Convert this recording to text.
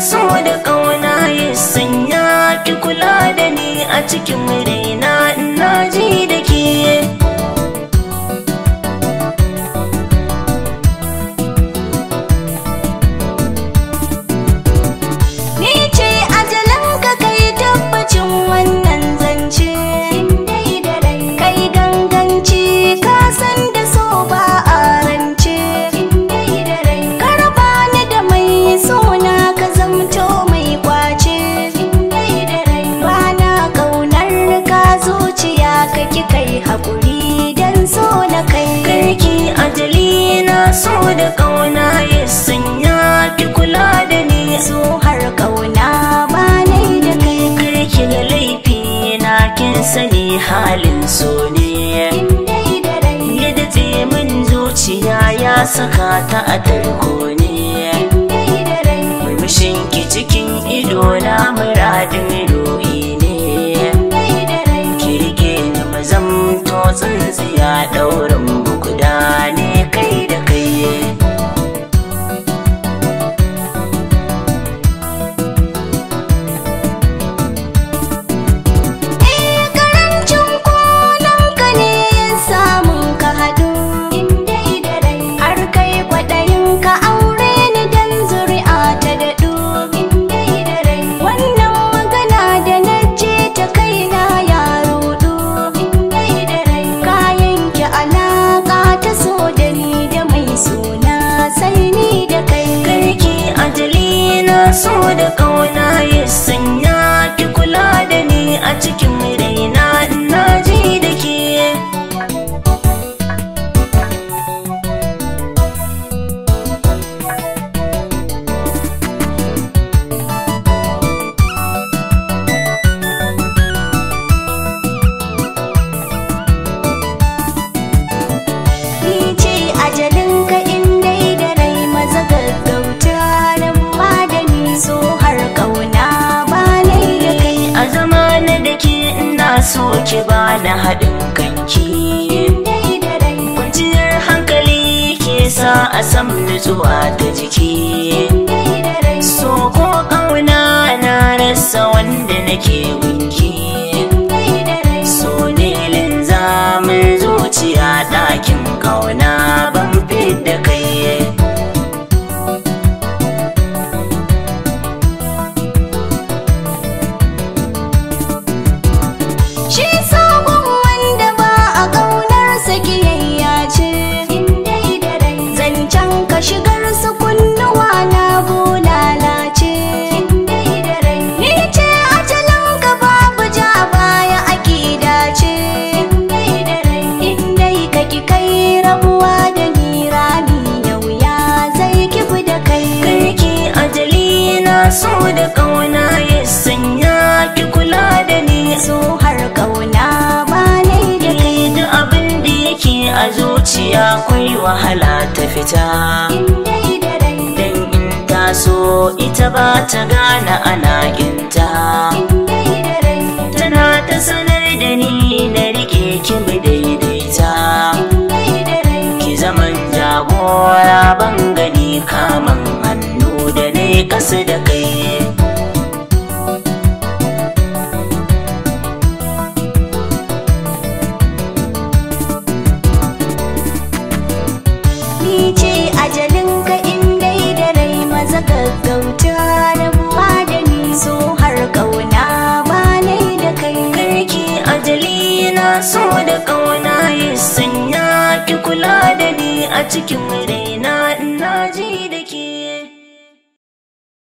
so da ƙauna ya sanya ki kula da ni a cikin raina haƙuri don so na kai karki ajali na so da ƙauna ya sanya ki kula da ni so har ƙauna ba nai da kai karki da laifi na kin sani halin so ne yadda ce min zuciya ya saka ta a tarko na haɗin kanki kwanciyar hankali ke sa a sam nutsuwa ta jiki so ko ƙauna na rasa wanda nake gunki so da ƙauna ya sanya ki kula da ni so har ƙauna ba ne da kai da abin da yake a zuciya kwai wahala ta fita dan in so ita ba ta gane ana ginta tana ta sanar da ni na rike ki mu daidaita ki zaman jagora ban gani kaman hannu da ne kasa da noite